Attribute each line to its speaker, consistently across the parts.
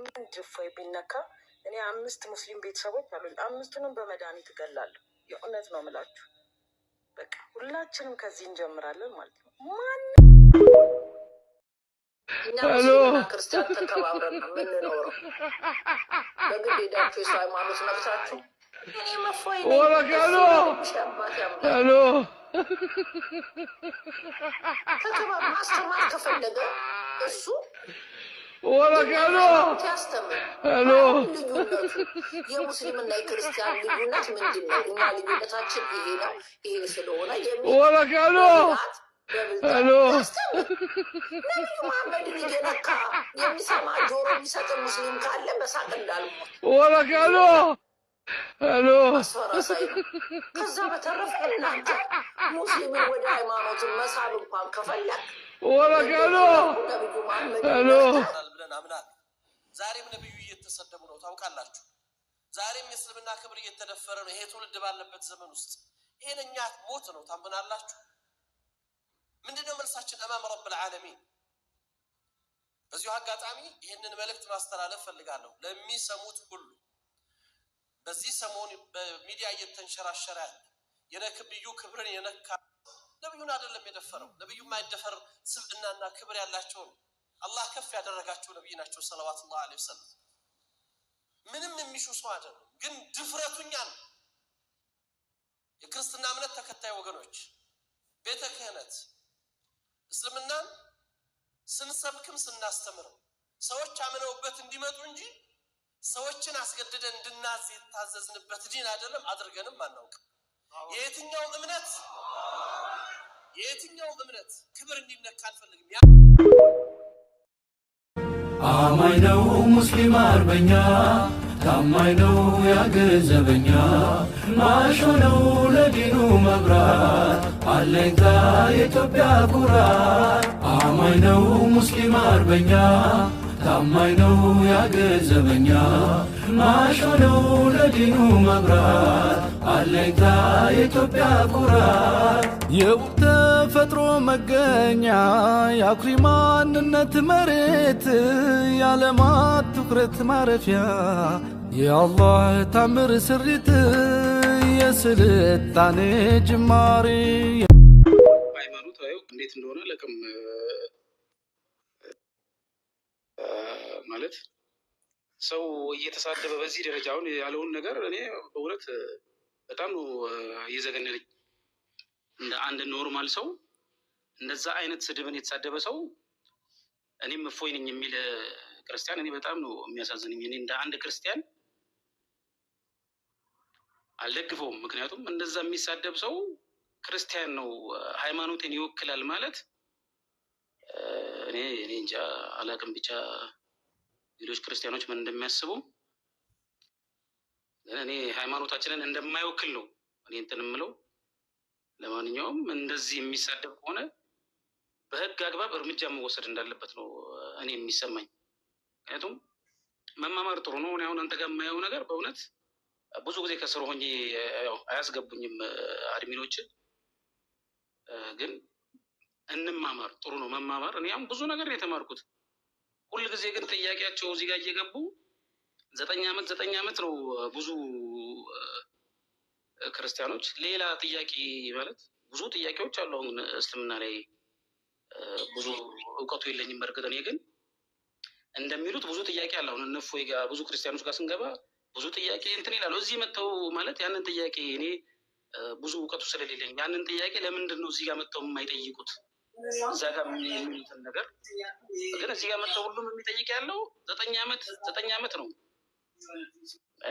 Speaker 1: ልጃችን ምን ድፎይ ቢነካ እኔ አምስት ሙስሊም ቤተሰቦች አሉ። አምስቱንም በመድኃኒት እገላለሁ። የእውነት ነው የምላችሁ። በቃ ሁላችንም ከዚህ እንጀምራለን ማለት ነው። ማን ክርስቲያን ተከባብረን ነው የምንኖረው። በግድ ሄዳችሁ ሃይማኖት ነብሳችሁ ተከባብ ማስተማር ከፈለገ እሱ
Speaker 2: ወበቃሎ ሎ
Speaker 1: ልዩነቱ የሙስሊምና የክርስቲያን ልዩነት ምንድን ነው? እኛ ልዩነታችን ይሄ ነው። ይሄ ስለሆነ
Speaker 2: ወበቃሎ ሎ
Speaker 1: ነቢዩ መሐመድን እየነካ የሚሰማ ጆሮ የሚሰጥ ሙስሊም ካለ በሳቅ እንዳልሞት
Speaker 2: ወበቃሎ ሎ
Speaker 1: አስፈራሳይ ከዛ በተረፈ እናንተ ሙስሊምን ወደ ሃይማኖትን መሳብ እንኳን ከፈለግ
Speaker 2: ወበቃሎ
Speaker 1: ሎ ብለን አምናል። ዛሬም ነቢዩ እየተሰደቡ ነው፣ ታውቃላችሁ። ዛሬም የእስልምና ክብር እየተደፈረ ነው። ይሄ ትውልድ ባለበት ዘመን ውስጥ ይሄን እኛ ሞት ነው፣ ታምናላችሁ። ምንድነው መልሳችን? እማም ረብል ዓለሚን። በዚሁ አጋጣሚ ይህንን መልእክት ማስተላለፍ ፈልጋለሁ ለሚሰሙት ሁሉ በዚህ ሰሞን በሚዲያ እየተንሸራሸረ ያለ የነብዩ ክብርን የነካ ነብዩን አይደለም የደፈረው። ነብዩ የማይደፈር ስብዕናና ክብር ያላቸው ነው። አላህ ከፍ ያደረጋቸው ነቢይ ናቸው። ሰለዋቱላህ ዐለይሂ ወሰለም ምንም የሚሹ ሰው አይደለም። ግን ድፍረቱኛ ነው። የክርስትና እምነት ተከታይ ወገኖች ቤተ ክህነት እስልምናን ስንሰብክም ስናስተምርም ሰዎች አምነውበት እንዲመጡ እንጂ ሰዎችን አስገድደን እንድናዝ የታዘዝንበት ዲን አይደለም። አድርገንም አናውቅም። የየትኛው እምነት የየትኛው እምነት ክብር እንዲነካ አንፈልግም።
Speaker 3: አማኝ ነው ሙስሊም አርበኛ ታማኝ ነው ያገዘበኛ ማሾ ነው ለዲኑ መብራት አለኝታ የኢትዮጵያ ኩራት አማኝ ነው ሙስሊም አርበኛ ታማኝ ነው ያገዘበኛ ማሾ ነው ለዲኑ መብራት አለኝታ የኢትዮጵያ ኩራት የውብ ተፈጥሮ መገኛ የአኩሪ ማንነት መሬት የዓለማት ትኩረት ማረፊያ የአላህ ታምር ስሪት የስልጣኔ ጅማሬ
Speaker 1: ማለት ሰው እየተሳደበ በዚህ ደረጃ አሁን ያለውን ነገር እኔ በእውነት በጣም ነው እየዘገነነኝ። እንደ አንድ ኖርማል ሰው እንደዛ አይነት ስድብን የተሳደበ ሰው እኔም እፎይ ነኝ የሚል ክርስቲያን እኔ በጣም ነው የሚያሳዝንኝ። እኔ እንደ አንድ ክርስቲያን አልደግፈውም። ምክንያቱም እንደዛ የሚሳደብ ሰው ክርስቲያን ነው፣ ሃይማኖቴን ይወክላል ማለት እኔ እኔ እንጃ አላቅም ብቻ ሌሎች ክርስቲያኖች ምን እንደሚያስቡ እኔ ሃይማኖታችንን እንደማይወክል ነው እኔ እንትን የምለው። ለማንኛውም እንደዚህ የሚሳደብ ከሆነ በህግ አግባብ እርምጃ መወሰድ እንዳለበት ነው እኔ የሚሰማኝ። ምክንያቱም መማማር ጥሩ ነው። አሁን አንተ ጋር የማየው ነገር በእውነት ብዙ ጊዜ ከስር ሆኜ አያስገቡኝም አድሚኖች፣ ግን እንማማር ጥሩ ነው መማማር። እኔ ብዙ ነገር ነው የተማርኩት ሁልጊዜ ግን ጥያቄያቸው እዚህ ጋር እየገቡ ዘጠኝ ዓመት ዘጠኝ ዓመት ነው ብዙ ክርስቲያኖች። ሌላ ጥያቄ ማለት ብዙ ጥያቄዎች አሉ። አሁን እስልምና ላይ ብዙ እውቀቱ የለኝም። በእርግጥ እኔ ግን እንደሚሉት ብዙ ጥያቄ አለ። አሁን እነፎ ጋር ብዙ ክርስቲያኖች ጋር ስንገባ ብዙ ጥያቄ እንትን ይላሉ። እዚህ መጥተው ማለት ያንን ጥያቄ እኔ ብዙ እውቀቱ ስለሌለኝ ያንን ጥያቄ ለምንድን ነው እዚህ ጋር መጥተው የማይጠይቁት? እዛ ጋር የሚሉትን ነገር ግን እዚህ ጋር መጥተው ሁሉም የሚጠይቅ ያለው ዘጠኝ ዓመት ዘጠኝ ዓመት ነው።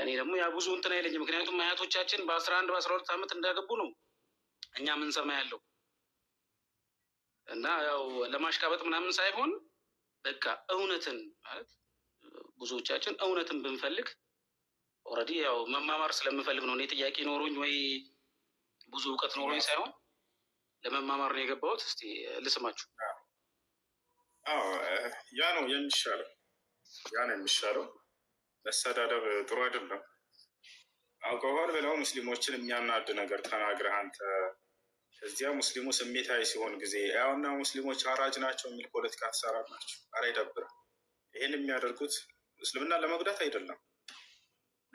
Speaker 1: እኔ ደግሞ ያ ብዙ እንትን አይለኝ። ምክንያቱም አያቶቻችን በአስራ አንድ በአስራ ሁለት ዓመት እንዳገቡ ነው እኛ ምንሰማ ያለው እና ያው ለማሽቃበጥ ምናምን ሳይሆን በቃ እውነትን ማለት ብዙዎቻችን እውነትን ብንፈልግ ኦልሬዲ ያው መማማር ስለምፈልግ ነው እኔ ጥያቄ ኖሮኝ ወይ ብዙ እውቀት ኖሮኝ ሳይሆን ለመማማር ነው የገባሁት። እስቲ ልስማችሁ።
Speaker 4: ያ ነው የሚሻለው፣ ያ ነው የሚሻለው። መሰዳደብ ጥሩ አይደለም። አልኮሆል ብለው ሙስሊሞችን የሚያናድ ነገር ተናግረህ አንተ እዚያ ሙስሊሙ ስሜታዊ ሲሆን ጊዜ ያውና ሙስሊሞች አራጅ ናቸው የሚል ፖለቲካ ትሰራል ናቸው። አረ ይደብራል። ይህን የሚያደርጉት እስልምና ለመጉዳት አይደለም።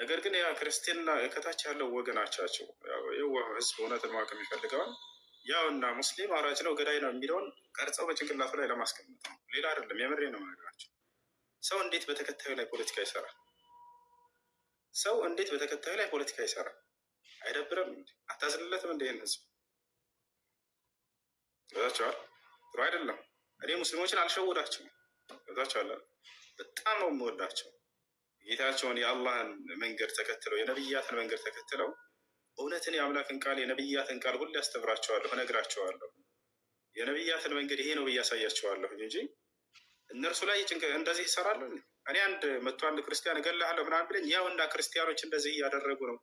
Speaker 4: ነገር ግን ያ ክርስትና ከታች ያለው ወገናቻቸው ህዝብ እውነትን ማወቅ የሚፈልገዋል ያው እና ሙስሊም አራጭ ነው ገዳይ ነው የሚለውን ቀርጸው በጭንቅላቱ ላይ ለማስቀመጥ ነው፣ ሌላ አይደለም። የምሬ ነው ነገራቸው። ሰው እንዴት በተከታዩ ላይ ፖለቲካ ይሰራል? ሰው እንዴት በተከታዩ ላይ ፖለቲካ ይሰራል? አይደብርም? አታዝልለትም? እንዲህን ህዝብ ገብታችኋል? ጥሩ አይደለም። እኔ ሙስሊሞችን አልሸውዳቸውም። ገብታችኋል? በጣም ነው የምወዳቸው። ጌታቸውን የአላህን መንገድ ተከትለው የነብያትን መንገድ ተከትለው እውነትን የአምላክን ቃል የነብያትን ቃል ሁሉ ያስተምራቸዋለሁ፣ እነግራቸዋለሁ። የነብያትን መንገድ ይሄ ነው ብዬ አሳያቸዋለሁ እንጂ እነርሱ ላይ እንደዚህ ይሰራሉ። እኔ አንድ መቶ አንድ ክርስቲያን እገላለሁ ምናምን ብለኝ ያው እና ክርስቲያኖች እንደዚህ እያደረጉ ነው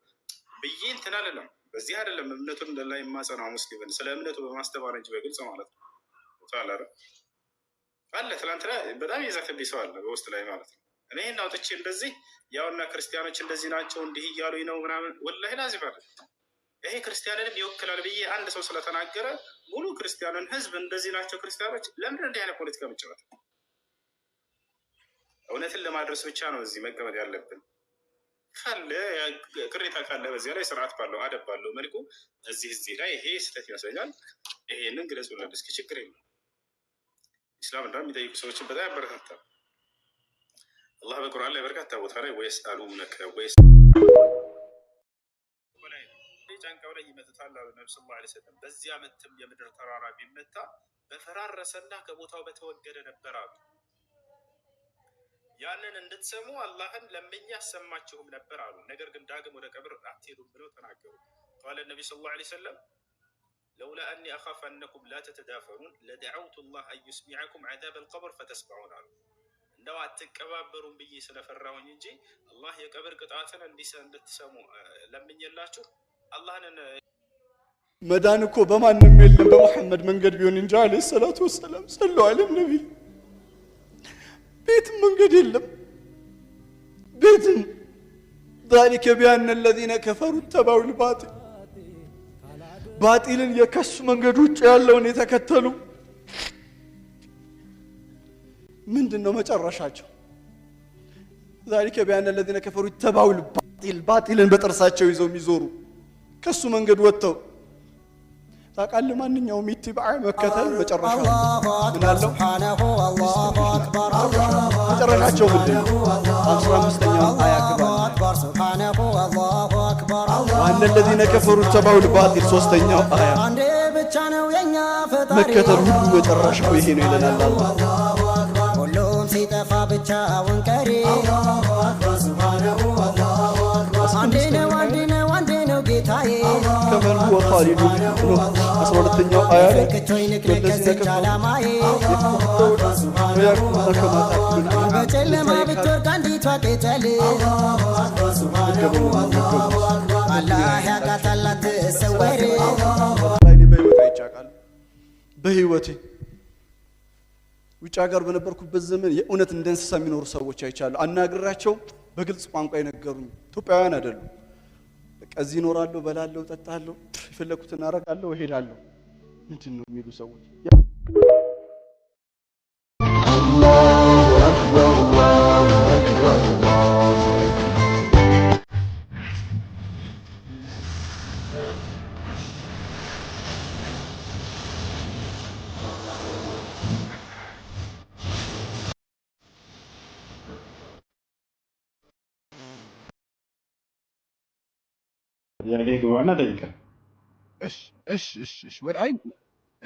Speaker 4: ብዬ እንትን አልልም። በዚህ አይደለም እምነቱን ላይ የማጸናው ሙስሊምን ስለ እምነቱ በማስተማር እንጂ በግልጽ ማለት ነው አለ ትላንትና በጣም የዛተብኝ ሰው አለ በውስጥ ላይ ማለት ነው እኔ ይህን አውጥቼ እንደዚህ ያውና ክርስቲያኖች እንደዚህ ናቸው እንዲህ እያሉ ነው ምናምን ወላሂ ላዚም አለ ይሄ ክርስቲያንንም ይወክላል ብዬ አንድ ሰው ስለተናገረ ሙሉ ክርስቲያንን ህዝብ እንደዚህ ናቸው ክርስቲያኖች። ለምንድን እንዲህ አይነት ፖለቲካ መጫወት? እውነትን ለማድረስ ብቻ ነው እዚህ መቀመጥ ያለብን። ካለ ቅሬታ ካለ በዚያ ላይ ስርዓት ባለው አደብ ባለው መልኩ እዚህ እዚህ ላይ ይሄ ስህተት ይመስለኛል፣ ይሄንን ግለጽ ብለን እስኪ ችግር የለም። ኢስላም እንዳውም የሚጠይቁ ሰዎችን በጣም ያበረታታል። አላህ በቁርአን ላይ በርካታ ቦታ ላይ ወይስ አሉነከ ወይስ
Speaker 1: ጫንቃው ላይ ይመትታል አሉ ነቢ ስለ ላ ሰለም። በዚያ ምትም የምድር ተራራ ቢመታ በፈራረሰና ከቦታው በተወገደ ነበር አሉ። ያንን እንድትሰሙ አላህን ለምኜ አሰማችሁም ነበር አሉ። ነገር ግን ዳግም ወደ ቀብር አትሄዱም ብለው ተናገሩ። ቃለ ነቢ ስለ ላ ሰለም ለውላ አኒ አኻፍ አነኩም ላ ተተዳፈሩን ለደዐውቱ ላህ አን ዩስሚዐኩም ዐዛብ አልቀብር ፈተስማዑን አሉ። እንደው አትቀባበሩም ብዬ ስለፈራሁኝ እንጂ አላህ የቀብር ቅጣትን እንድትሰሙ ለምኝላችሁ። አላህን
Speaker 5: መዳን እኮ በማንም የለም በመሐመድ መንገድ ቢሆን እንጂ አለ ሰላቱ ወሰላም ሰሉ አለ ነቢይ። ቤትም መንገድ የለም ቤትም ዛሊከ ቢያነ ለዚነ ከፈሩ ተባውል ባጢል ባጢልን የከሱ መንገድ ውጭ ያለውን የተከተሉ ምንድን ነው መጨረሻቸው ዛሊከ ቢያን ለዚነ ከፈሩ ይተባው ልባጢል ባጢልን በጥርሳቸው ይዘው የሚዞሩ ከሱ መንገድ ወጥተው ታቃል ማንኛውም ይትባዕ መከተል መጨረሻቸው ምናለው መጨረሻቸው ምንድን ነው አስራ አምስተኛው አያ ዋነ ለዚነ ከፈሩ ይተባው ልባጢል ሶስተኛው አያ መከተል ሁሉ መጨረሻው ይሄ ነው ይለናል አላ ብቻውን ቀሪ አንዴ ነው አንዴ ነው አንዴ ነው ጌታዬ ከመሉ ወኻሊዱ ብሎ አስራ ሁለተኛው አያ በጨለማ ብትወርቅ አንዲቷ ቅጠል አላህ ያቃታላት ሰወር በህይወቴ ውጭ ሀገር በነበርኩበት ዘመን የእውነት እንደ እንስሳ የሚኖሩ ሰዎች አይቻሉ። አናግራቸው በግልጽ ቋንቋ የነገሩኝ ኢትዮጵያውያን አይደሉም። ቀዚ እዚህ በላለሁ፣ ጠጣለሁ፣ የፈለግኩትን አረጋለሁ፣ እሄዳለሁ ምንድን ነው የሚሉ ሰዎች
Speaker 6: ጥያቄ ግባና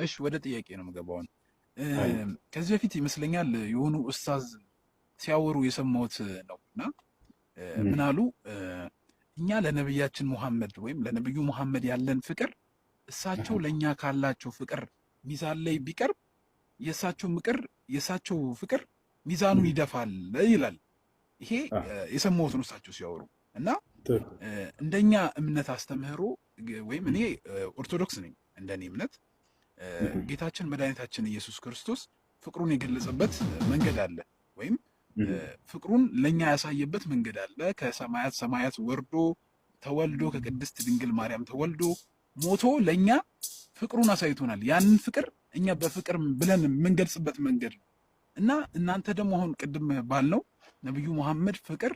Speaker 7: እሺ ወደ ጥያቄ ነው የምገባው። ከዚህ በፊት ይመስለኛል የሆኑ ኡስታዝ ሲያወሩ የሰማሁት ነው እና ምናሉ እኛ ለነብያችን ሙሐመድ ወይም ለነብዩ ሙሐመድ ያለን ፍቅር እሳቸው ለእኛ ካላቸው ፍቅር ሚዛን ላይ ቢቀርብ የእሳቸው ምቅር የእሳቸው ፍቅር ሚዛኑን ይደፋል ይላል። ይሄ ነው እሳቸው ሲያወሩ እና እንደኛ እምነት አስተምህሮ ወይም እኔ ኦርቶዶክስ ነኝ። እንደኔ እምነት ጌታችን መድኃኒታችን ኢየሱስ ክርስቶስ ፍቅሩን የገለጸበት መንገድ አለ ወይም ፍቅሩን ለእኛ ያሳየበት መንገድ አለ። ከሰማያት ሰማያት ወርዶ ተወልዶ ከቅድስት ድንግል ማርያም ተወልዶ ሞቶ ለእኛ ፍቅሩን አሳይቶናል። ያንን ፍቅር እኛ በፍቅር ብለን የምንገልጽበት መንገድ ነው እና እናንተ ደግሞ አሁን ቅድም ባልነው ነቢዩ መሐመድ ፍቅር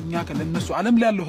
Speaker 7: እኛ ለእነሱ ዓለም ላይ ያለው